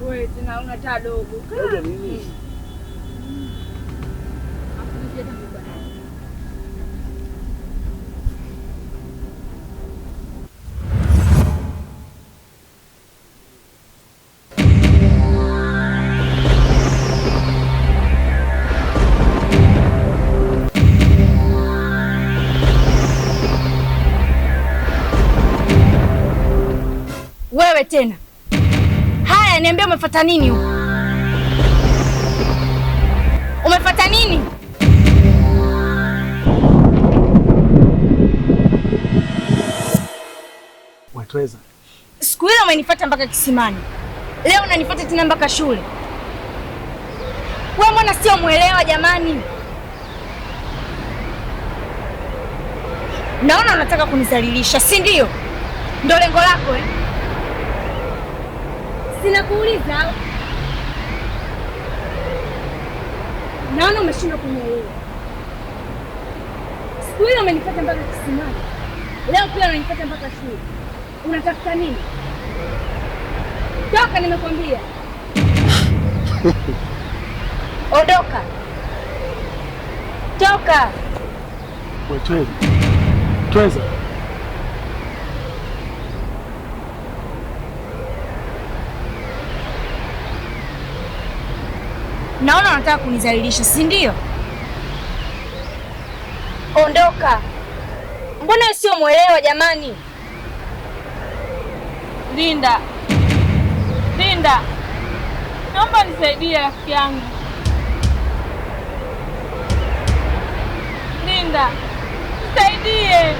Wewe tena una taa dogo. wewe tena. Haya, niambia umefuata nini huko? Umefuata nini? Watweza. siku ile umenifuata mpaka kisimani, leo unanifuata tena mpaka shule. Wewe mbona sio mwelewa jamani? Naona unataka kunizalilisha, si ndio? Ndo lengo lako eh? Sinakuuliza, naona umeshindwa kunielewa. Siku hiyo umenipata mpaka kisimani, leo pia unanipata mpaka shule. Unatafuta nini? Toka, nimekwambia ondoka toka. Tweza. Naona unataka kunizalilisha, si ndio? Ondoka! Mbona sio mwelewa jamani? Linda, Linda, naomba nisaidie rafiki yangu. Linda, nisaidie.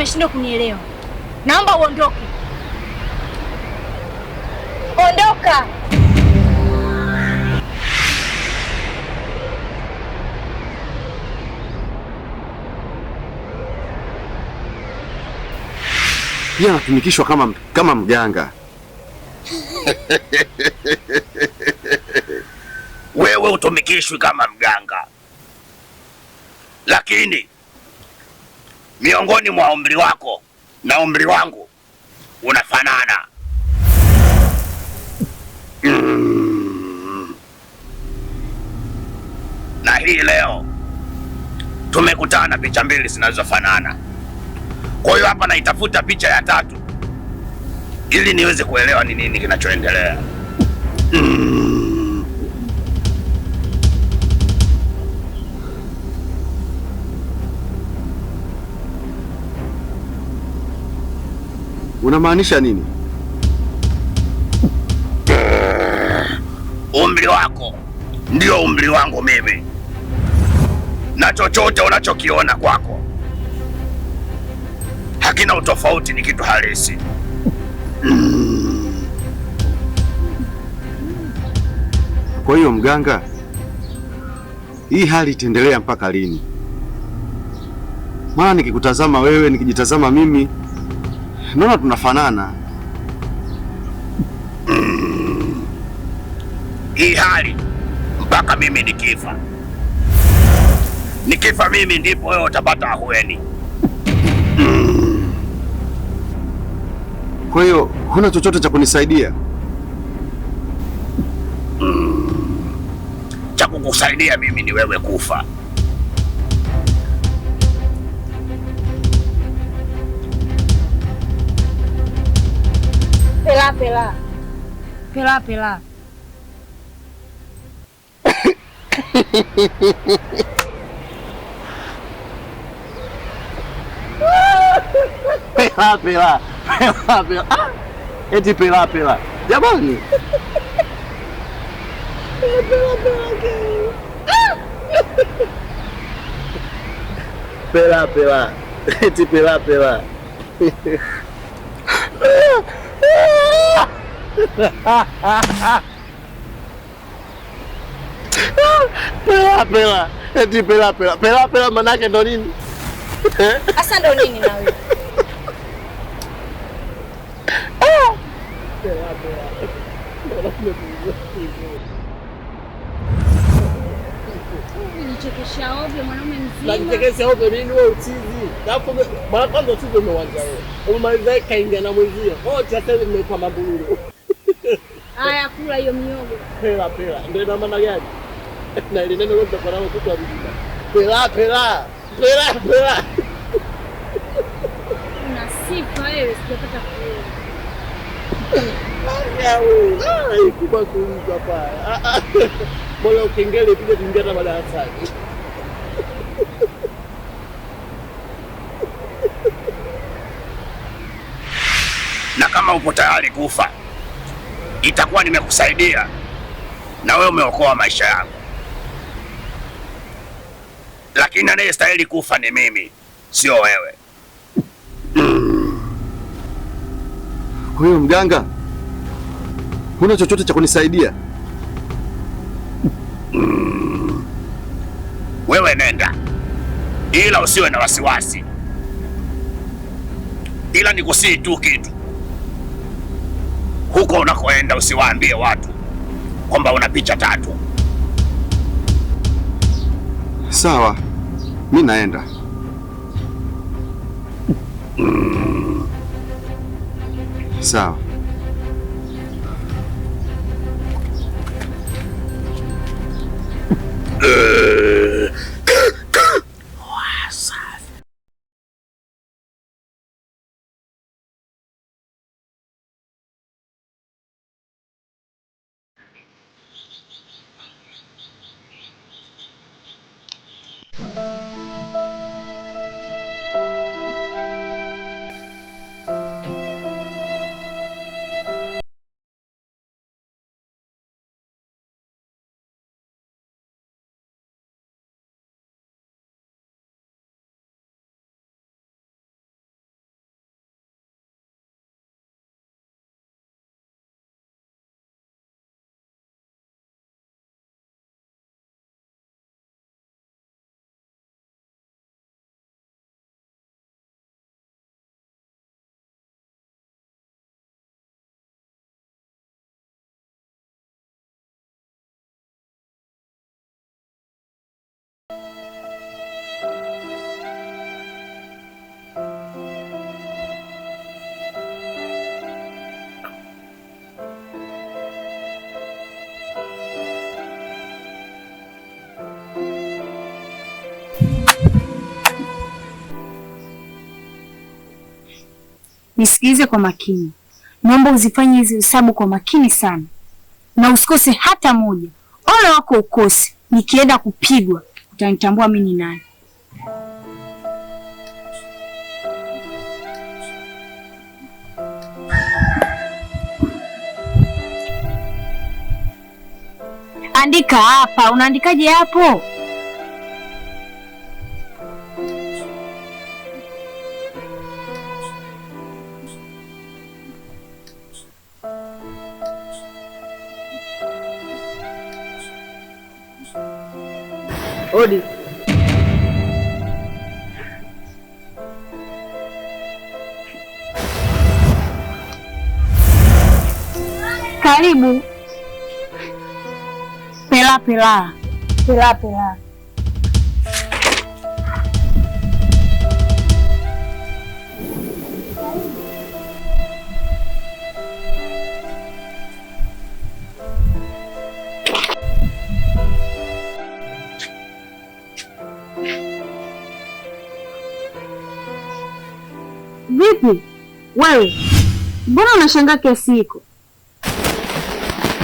ameshindwa kunielewa. Naomba uondoke. Ondoka. Pia anatumikishwa kama, kama mganga. Wewe utumikishwi kama mganga, lakini miongoni mwa umri wako na umri wangu unafanana. Mm. Na hii leo tumekutana picha mbili zinazofanana. Kwa hiyo hapa naitafuta picha ya tatu ili niweze kuelewa ni nini kinachoendelea. Mm. Unamaanisha nini? Umri wako ndio umri wangu mimi, na chochote unachokiona kwako hakina utofauti, ni kitu halisi mm. Kwa hiyo mganga, hii hali itaendelea mpaka lini? Maana nikikutazama wewe, nikijitazama mimi naona tunafanana. Mm. Hii hali mpaka mimi nikifa, nikifa mimi ndipo wewe utapata ahueni. Mm. Kwa hiyo huna chochote cha kunisaidia? Mm. Cha kukusaidia mimi ni wewe kufa. Pela pela. Pela pela. Pela pela. Pela pela. Ah, eti pela pela. Jamani. Pela pela. Eti pela pela. Pela pela. Eti pela pela. Pela pela maana ndo nini? Sasa eh? ndo nini na wewe? Unajichekesha ovyo mwanaume mzima. Unajichekesha ovyo nini wewe uchizi? Alafu mara kwanza uchizi umeuanza wewe. Umemaliza kaingia na mwenzio. Wote sasa imekuwa mabululu. Haya, kula hiyo miogo. Pela pela. Ndio ina maana gani? Na ile neno lote kwa nao Pela pela. Pela pela. Una sifa wewe sijapata kuona. kubwa kuuza Bora ah, ah. ukengele pige madarasani. Na kama upo tayari kufa itakuwa nimekusaidia na wewe umeokoa maisha yangu, lakini anayestahili kufa ni mimi, sio wewe. Huyo mganga, huna chochote cha kunisaidia? Mm. Wewe nenda, ila usiwe na wasiwasi, ila nikusii tu kitu huko unakoenda usiwaambie watu kwamba una picha tatu. Sawa, mi naenda. Mm. Sawa. Uh. nisikilize kwa makini, naomba uzifanye hizi hesabu kwa makini sana, na usikose hata moja. Ole wako ukose, nikienda kupigwa utanitambua mimi ni nani. Andika hapa. Unaandikaje hapo? Oh di. bu. Bela bela. Bela bela. Vipi wewe, mbona unashangaa kiasi hiko?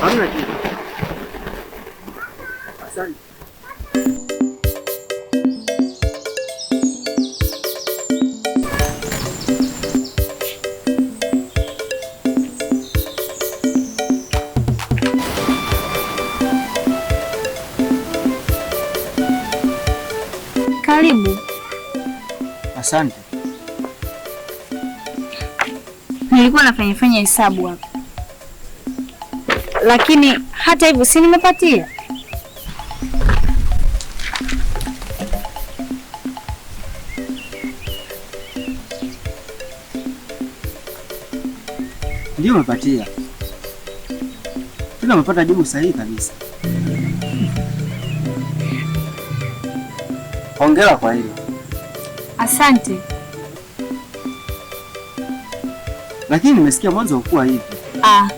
Hamna kitu. Asante. Karibu. Asante. nilikuwa nafanya fanya hesabu hapa, lakini hata hivyo si nimepatia. Ndio umepatia, ila umepata jibu sahihi kabisa. Hongera kwa hilo. Asante. lakini nimesikia mwanzo hukuwa hivi. Ah,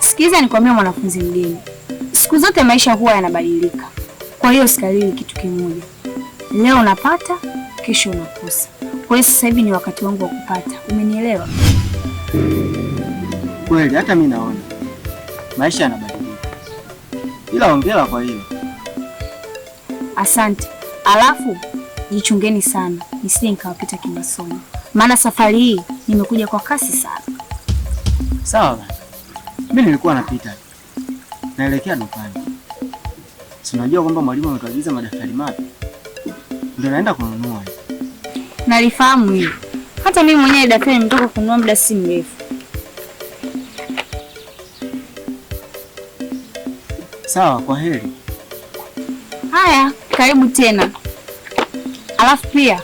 sikiliza nikwambie, mwanafunzi mgeni, siku zote maisha huwa yanabadilika. Kwa hiyo sikalili kitu kimoja, leo unapata, kesho unakosa. Kwa hiyo sasa hivi ni wakati wangu wa kupata, umenielewa? Kweli, hata mimi naona maisha yanabadilika, ila ongela kwa hilo. Asante, alafu jichungeni sana nisije nikawapita kimasomo, maana safari hii nimekuja kwa kasi sana. Sawa bana, mimi nilikuwa napita naelekea dukani, si unajua kwamba mwalimu ametuagiza madaftari mapya, ndio naenda kununua. Nalifahamu hiyo, hata mimi mwenyewe daftari nimetoka kununua muda si mrefu. Sawa, kwa heri. Haya, karibu tena. Alafu pia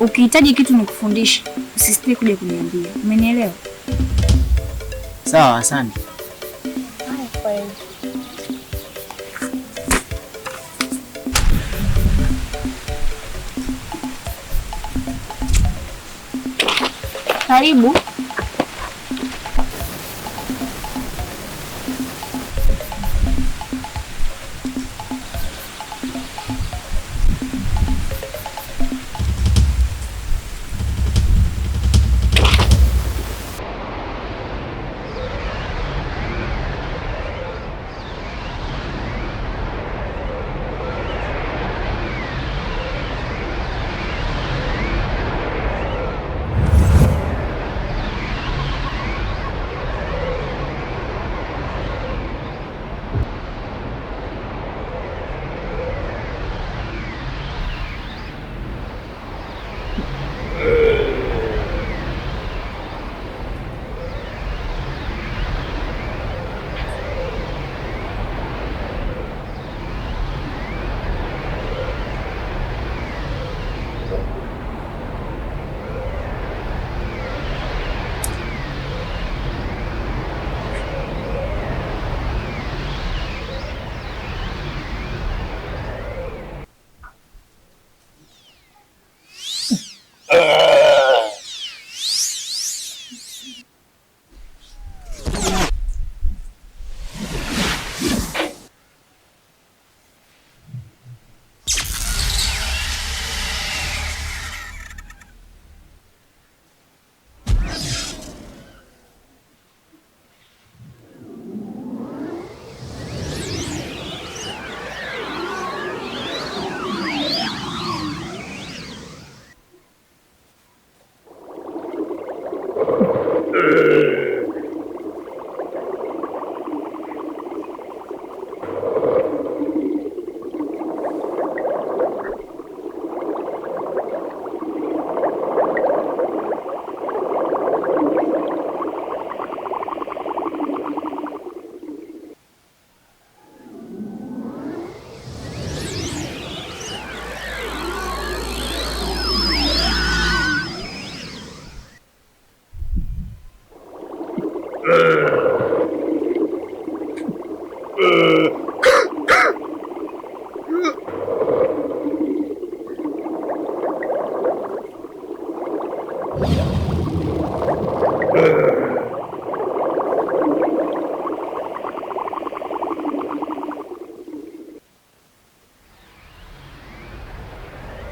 ukihitaji kitu nikufundishe, usisite kuja kuniambia. Umenielewa? Sawa, asante. Karibu.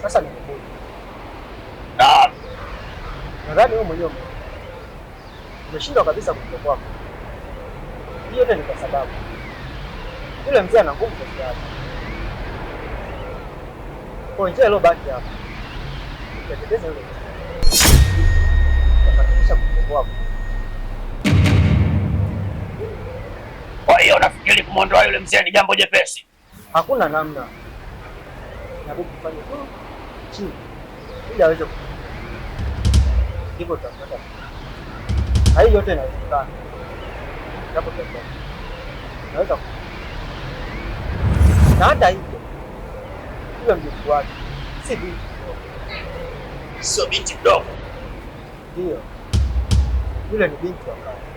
Sasa ni nimekuja. Ah! Naam. Nadhani wewe mwenyewe umeshindwa kabisa kuja kwako. Hiyo ndio kwa sababu yule mzee ana nguvu kwa sababu. Kwa njia leo baki hapo. Teketeza yule Tutakisha Kufanikisha kuja kwako. Kwa hiyo nafikiri kumwondoa yule mzee ni jambo jepesi. Hakuna namna. Inabidi kufanya tu chini ili aweze hivyo, tutapata na hii yote inawezekana, japo naweza na hata hivyo, huyo mjukuu wake si binti, sio binti mdogo, ndio yule ni binti wa kale.